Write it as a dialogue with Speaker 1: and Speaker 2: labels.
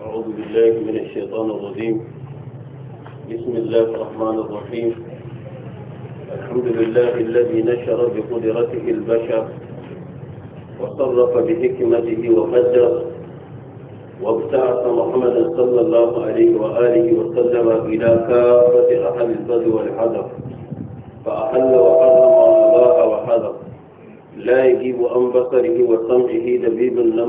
Speaker 1: أعوذ بالله من الشيطان الرجيم بسم الله الرحمن الرحيم الحمد لله الذي نشر بقدرته البشر وصرف بحكمته وقدر وابتعث محمدا صلى الله عليه وآله وسلم إلى كافة أهل البر والحذر فأحل وحرم وأباح وحذر لا يجيب عن بصره وسمعه دبيب النمر